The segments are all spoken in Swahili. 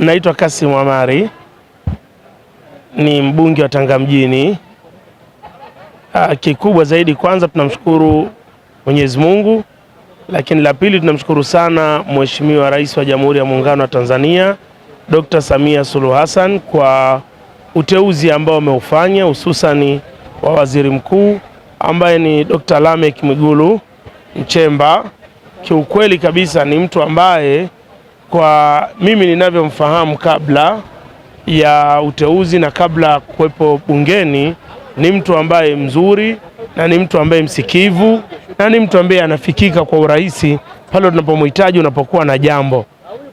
Naitwa Kasim Amari, ni mbunge wa Tanga mjini. Ah, kikubwa zaidi, kwanza tunamshukuru Mwenyezi Mungu, lakini la pili tunamshukuru sana Mheshimiwa Rais wa Jamhuri ya Muungano wa Tanzania Dr. Samia Suluhu Hassan kwa uteuzi ambao ameufanya hususani wa waziri mkuu ambaye ni Dr. Lamek Mwigulu Nchemba. Kiukweli kabisa ni mtu ambaye kwa mimi ninavyomfahamu, kabla ya uteuzi na kabla ya kuwepo bungeni, ni mtu ambaye mzuri na ni mtu ambaye msikivu na ni mtu ambaye anafikika kwa urahisi pale tunapomhitaji unapokuwa na jambo,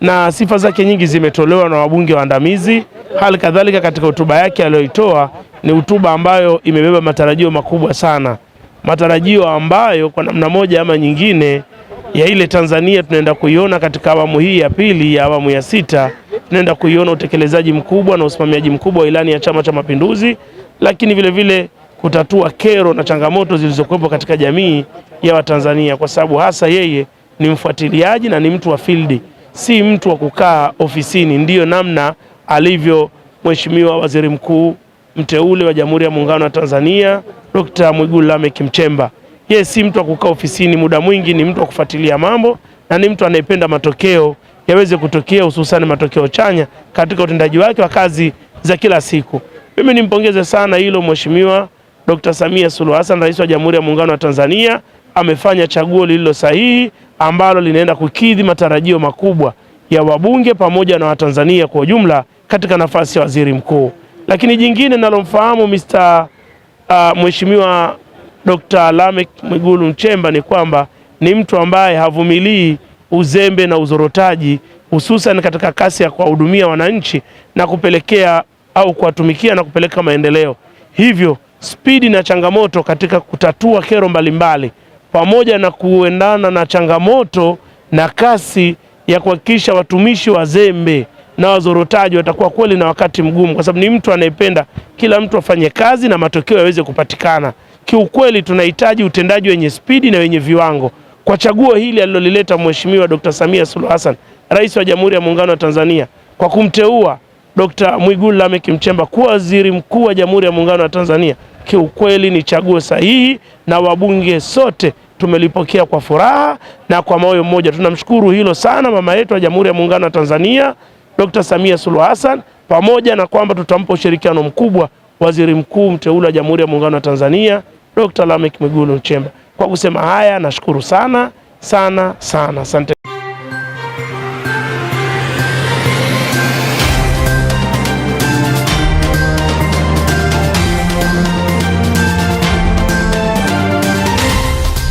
na sifa zake nyingi zimetolewa na wabunge waandamizi. Hali kadhalika katika hotuba yake aliyoitoa ni hotuba ambayo imebeba matarajio makubwa sana, matarajio ambayo kwa namna moja ama nyingine ya ile Tanzania tunaenda kuiona katika awamu hii ya pili ya awamu ya sita. Tunaenda kuiona utekelezaji mkubwa na usimamiaji mkubwa wa ilani ya Chama cha Mapinduzi, lakini vilevile vile kutatua kero na changamoto zilizokuwepo katika jamii ya Watanzania, kwa sababu hasa yeye ni mfuatiliaji na ni mtu wa field, si mtu wa kukaa ofisini. Ndiyo namna alivyo Mheshimiwa Waziri Mkuu mteule wa Jamhuri ya Muungano wa Tanzania Dr. Mwigulu Lameck yeye si mtu wa kukaa ofisini muda mwingi, ni mtu wa kufuatilia mambo na ni mtu anayependa matokeo yaweze kutokea, hususan matokeo chanya katika utendaji wake wa kazi za kila siku. Mimi nimpongeze sana hilo Mheshimiwa Dr. Samia Suluhu Hassan, Rais wa Jamhuri ya Muungano wa Tanzania. Amefanya chaguo lililo sahihi ambalo linaenda kukidhi matarajio makubwa ya wabunge pamoja na Watanzania kwa ujumla katika nafasi ya waziri mkuu. Lakini jingine nalomfahamu Mr. uh, Mheshimiwa Dr. Lameck Mwigulu Nchemba ni kwamba ni mtu ambaye havumilii uzembe na uzorotaji, hususan katika kasi ya kuwahudumia wananchi na kupelekea au kuwatumikia na kupeleka maendeleo. Hivyo spidi na changamoto katika kutatua kero mbalimbali pamoja na kuendana na changamoto na kasi ya kuhakikisha watumishi wazembe na wazorotaji watakuwa kweli na wakati mgumu, kwa sababu ni mtu anayependa kila mtu afanye kazi na matokeo yaweze kupatikana kiukweli tunahitaji utendaji wenye spidi na wenye viwango. Kwa chaguo hili alilolileta Mheshimiwa Dr. Samia Suluhu Hassan, Rais wa Jamhuri ya Muungano wa Tanzania, kwa kumteua Dr. Mwigulu Lameck Nchemba kuwa Waziri Mkuu wa Jamhuri ya Muungano wa Tanzania, kiukweli ni chaguo sahihi, na wabunge sote tumelipokea kwa furaha na kwa moyo mmoja. Tunamshukuru hilo sana mama yetu wa Jamhuri ya Muungano wa Tanzania Dr. Samia Suluhu Hassan, pamoja na kwamba tutampa ushirikiano mkubwa waziri mkuu mteule wa Jamhuri ya Muungano wa Tanzania. Dr. Lameck Mwigulu Nchemba. Kwa kusema haya, nashukuru sana sana sana, asante.